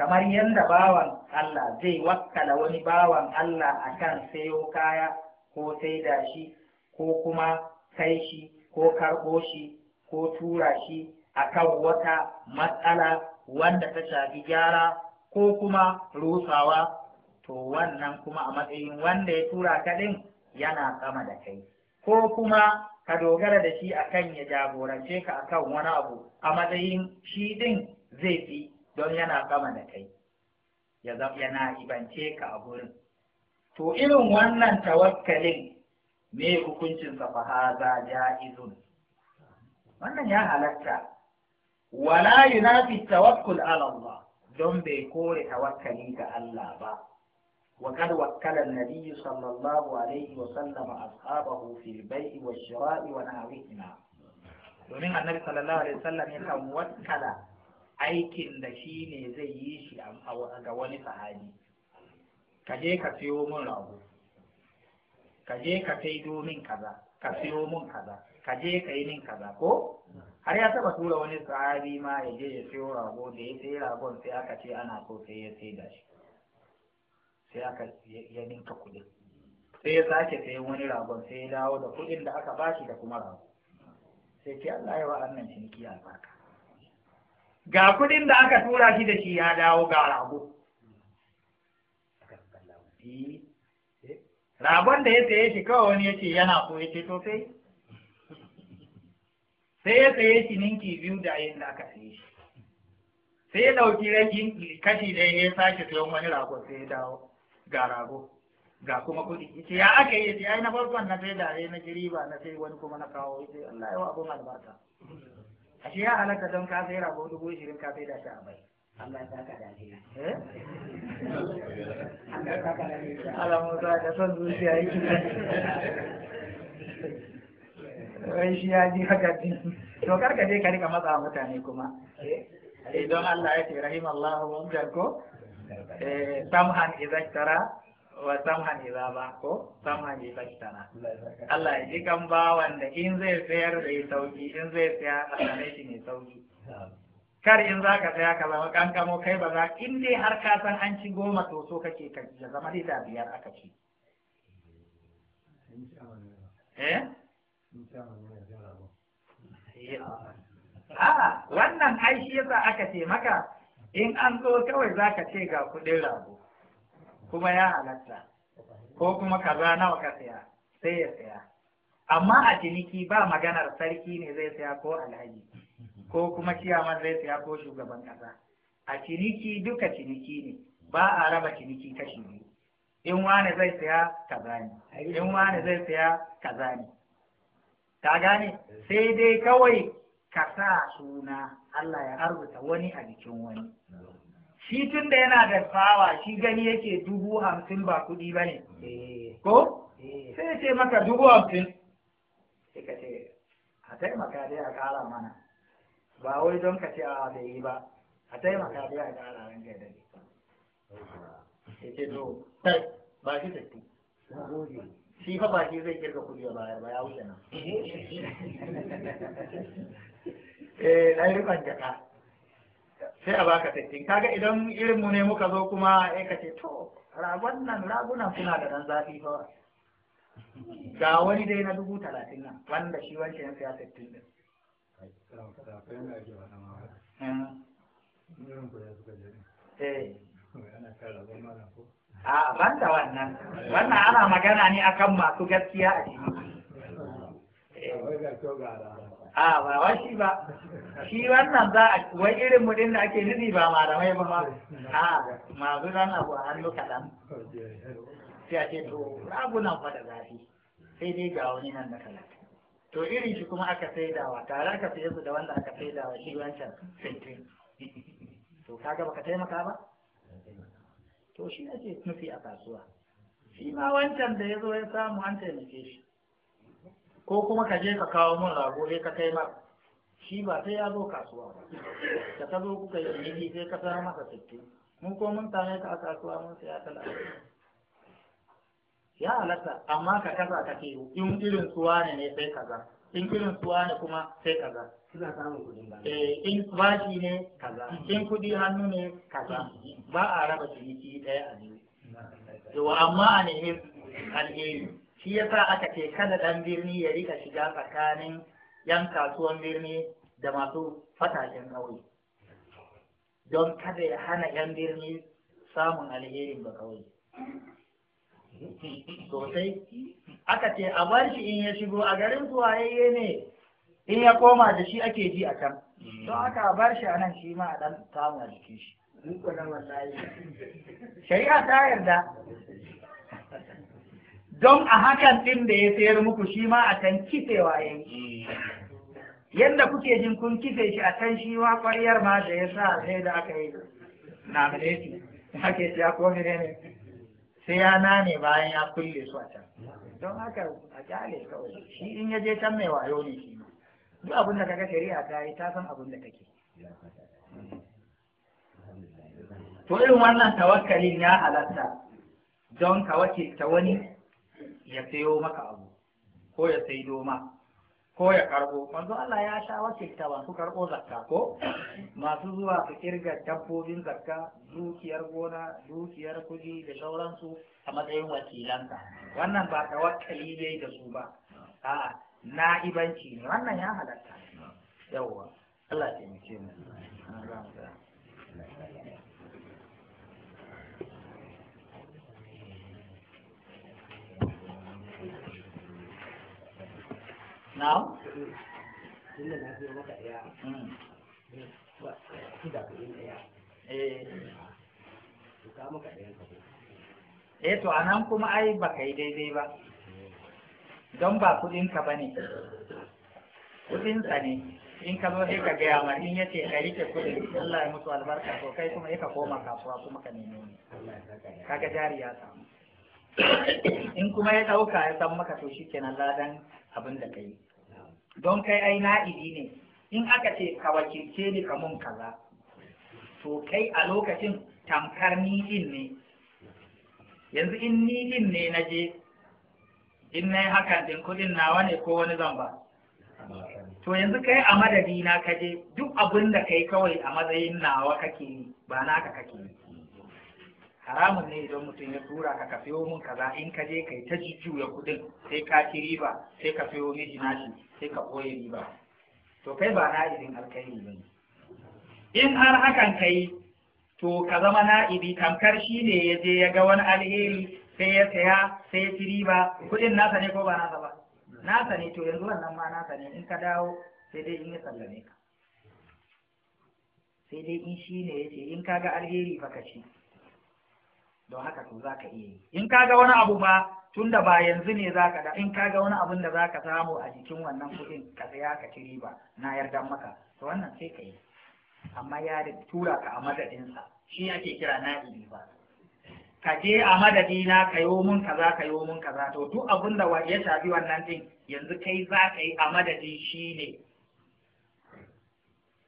kamar yadda bawan Allah zai wakkala wani bawan Allah akan sayo kaya ko sai da shi ko kuma kai shi ko karɓo shi ko tura shi a kan wata matsala wanda ta shafi gyara ko kuma rusawa to wannan kuma a matsayin wanda ya tura ka ɗin yana sama da kai ko kuma ka dogara da shi akan ya jagorance ka akan wani abu a matsayin shi ɗin zai fi don yana sama da kai ya yana ibance ka a gurin to irin wannan tawakkalin me hukuncin sa fa haza jaizun wannan ya halatta wala yunafi tawakkul ala Allah don bai kore tawakkali ga Allah ba wa وقد sallallahu alaihi wa الله ashabahu fil أصحابه wa shira'i wa ونحوهما domin annabi sallallahu alaihi wasallam ya kan wakkala aikin da shi ne zai yi shi ga wani sahabi ka je ka siyo mun rago ka je ka taido domin kaza ka siyo mun kaza ka je ka yi min kaza ko har ya taba tura wani sahabi ma ya je ya siyo rago da ya sai ragon sai aka ce ana so sai ya sai da shi sai aka ya ninka kuɗi sai ya sake sai wani ragon sai ya dawo da kuɗin da aka bashi da kuma rago sai ce Allah ya wa annan ciniki albarka ga kuɗin da aka tura shi da shi ya dawo ga rago ragon da ya tsaye shi kawai wani ya ce yana ko ya ce to sai sai ya tsaye shi ninki biyu da yin da aka tsaye shi sai ya ɗauki ragin kashi da ya sake tsayon wani ragon sai ya dawo ga rago ga kuma kuɗi ya ce ya aka yi ya yi na farkon na sai da na ji ba na sai wani kuma na kawo ya ce Allah ya wa abun albarka ashe ya halaka don ka sai rabo dubu ishirin ka sai da shi a bai Allah ta ka da ne. Eh? Allah ta ka da haka din. To karka je ka rika matsa mutane kuma. Idan eh, Allah ya ce rahim Allah mun ko eh, samhan idza tara wa samhan idza ba ko samhan idza tara. Allah ya ji kan bawan da in zai sayar da sauki in zai sayar a sanai shi ne sauki. kar in za ka tsaya ka zama kankamo kai ba za in dai har ka san an ci goma to so kake ka ya zama dai da biyar aka ci eh? a ah, wannan ai shi yasa aka ce maka in an zo kawai za ka ce ga kuɗin rago kuma ya halatta ko kuma kaza nawa ka saya sai ya saya amma a ciniki ba maganar sarki ne zai saya ko alhaji ko kuma ciyaman zai saya ko shugaban kasa a ciniki duka ciniki ne ba a raba ciniki kashi biyu in wani zai saya kaza ne in wani zai saya kaza ne ka gane sai dai kawai ka sa suna Allah ya arzuta wani a jikin wani shi tun da yana da fawa shi gani yake dubu hamsin ba kuɗi ba ne eh. ko eh. sai ce maka dubu hamsin sai ce a taimaka dai a ƙara mana ba wai don ka ce a da yi ba a taimaka da ya ga alaran ga dare sai ce to kai ba shi tattu shi fa ba shi zai kirga kudi ya bayar ba ya wuce nan eh yi rikon jaka sai a baka tattin kaga idan irin mu ne muka zo kuma eh ka ce to ragon nan ragunan suna da dan zafi fa ga wani dai na dubu talatin nan wanda shi wancan ya siya sittin din Eh. A ban da wannan, wannan ana magana ne akan masu gaskiya a ciki. Eh. A ba wa shi ba, shi wannan za a wai irin mudin da ake nufi ba malamai ba ma, a masu nan abu a hannu kaɗan. Sai a ce to, ragunan fa da zafi, sai dai ga wani nan da kalata. to irin shi kuma aka saidawa tare aka saye su da wanda aka saidawa shi wancan fintin to kaga baka taimaka ba to shi ake nufi a kasuwa shi ma wancan da ya zo ya samu an taimake shi ko kuma ka je ka kawo mun rago sai ka kai maka shi ba sai ya zo kasuwa ba da ka zo kuka yi sai ka samu masa sittin mun ko mun tare ka a kasuwa mun sai ya talaka ya halatta amma ka kaza ka ke in irin suwa ne ne sai kaza in irin suwa ne kuma sai kaza suna samun kudin ba eh in bashi ne kaza mm-hmm. in kudi hannu ne kaza mm-hmm. ba a raba ciniki daya a biyu yawa amma a nemi alheri shi yasa aka ce kada dan birni ya rika shiga tsakanin yan kasuwan birni da masu fatashen ƙauye don kada ya hana yan birni samun alherin ba ƙauye sosai aka ce a bar shi in ya shigo a garin suwaye ne in ya koma da shi ake ji a can to mm. aka bar shi a nan shi ma a dan samu a jikin shi shari'a ta yarda don a hakan ɗin da ya sayar muku shi ma a can kifewa ya yi mm. yadda kuke jin kun kife shi a can shi ma ƙwaryar ma da ya sa sai da aka yi na ake ya ko ne sai ya nane bayan ya kulle su a can don haka a kyale kawai shi in ya je can mai wayo ne shi duk abin da kaga shari'a ta yi ta san abin da take to irin wannan tawakkalin ya halatta don ka ta wani ya sayo maka abu ko ya sai doma ko ya karbo manzo Allah ya sha wace ta masu karbo zakka ko masu zuwa su kirga dabbobin zakka dukiyar gona dukiyar kuɗi da sauransu a matsayin wakilanka wannan ba tawakkali ne da su ba a'a na'ibanci ne wannan ya halatta yawwa Allah ya taimake mu na hmm. eh to nan kuma ai ba kai daidai ba don ba kudinka ba ne kudinsa ne in ka zo sai ka gaya ma in yace ka rike kudin Allah ya mutu albarka to kai kuma ka koma kasuwa kuma ka nemo ne kaga jari ya samu in kuma ya dauka ya san maka to shikenan ladan abin da kai don kai ai na'ibi ne in aka ce ka wakilce ni ka mun kaza to kai a lokacin tamkar ni ne yanzu in ni din ne na je in na yi hakan din kudin nawa ne ko wani zamba to yanzu kai a madadi na kaje duk abin da kai kawai a matsayin nawa kake ba naka kake yi haramun ne idan mutum ya tura ka ka fiyo mun kaza in ka je kai ta jujjuya kudin sai ka ci riba sai ka fiyo miji nashi sai ka koye riba to kai ba na'ibin alkhairi ba in har hakan kai to ka zama na'ibi tamkar shi ne ya je ya ga wani alheri sai ya saya sai ya ci riba kudin nasa ne ko ba nasa ba nasa ne to yanzu wannan ma nasa ne in ka dawo sai dai in ya sallame ka sai dai in shi ne ya ce in ka ga alheri fa ka ci don haka to za ka iya yi in ka ga wani abu ba tun da ba yanzu ne za ka da in ka ga wani abun da za ka samu a jikin wannan kuɗin ka saya ka ci riba na yarda maka to wannan sai ka yi amma ya tura ka a madadinsa shi ake kira na'ibi ba ka je a madadi na ka yo mun kaza ka yo mun kaza to duk abin da ya shafi wannan din yanzu kai za ka yi a madadin shi ne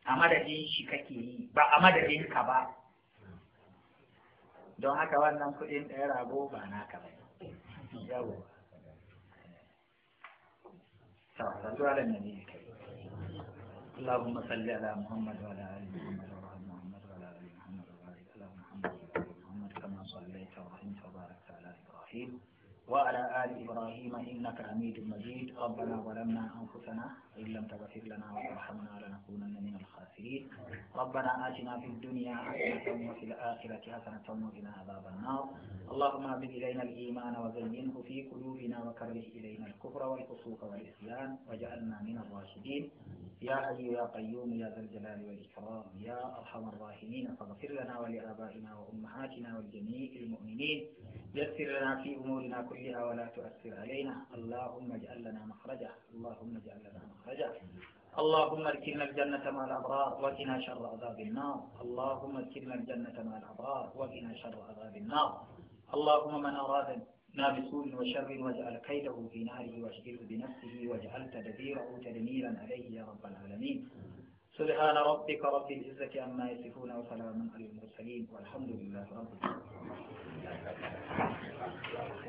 a madadin shi kake yi ba a madadin ka ba don haka wannan kuɗin ɗaya rago ba naka ba yawo sallu ala nabi اللهم صل على محمد وعلى ال محمد وعلى محمد وعلى ال محمد وعلى ال محمد وعلى محمد كما صليت ورحمت وباركت على ابراهيم وعلى ال ابراهيم انك حميد مجيد ربنا ظلمنا انفسنا إن لم تغفر لنا وترحمنا لنكونن من الخاسرين ربنا آتنا في الدنيا حسنة وفي الآخرة حسنة وقنا عذاب النار اللهم أعز إلينا الإيمان وزينه في قلوبنا وكره إلينا الكفر والفسوق والعصيان وجعلنا من الراشدين يا حي يا قيوم يا ذا الجلال والإكرام يا أرحم الراحمين فاغفر لنا ولآبائنا وأمهاتنا والجميع المؤمنين يسر لنا في أمورنا كلها ولا تؤثر علينا اللهم اجعل لنا مخرجا اللهم اجعل لنا مخرجا اللهم اركنا الجنة مع الأبرار وقنا شر عذاب النار اللهم اركنا الجنة مع الأبرار وقنا شر عذاب النار اللهم من أرادنا بسوء وشر واجعل كيده في ناره واشغله بنفسه واجعل تدبيره تدميرا عليه يا رب العالمين سبحان ربك رب العزة عما يصفون وسلام على المرسلين والحمد لله رب العالمين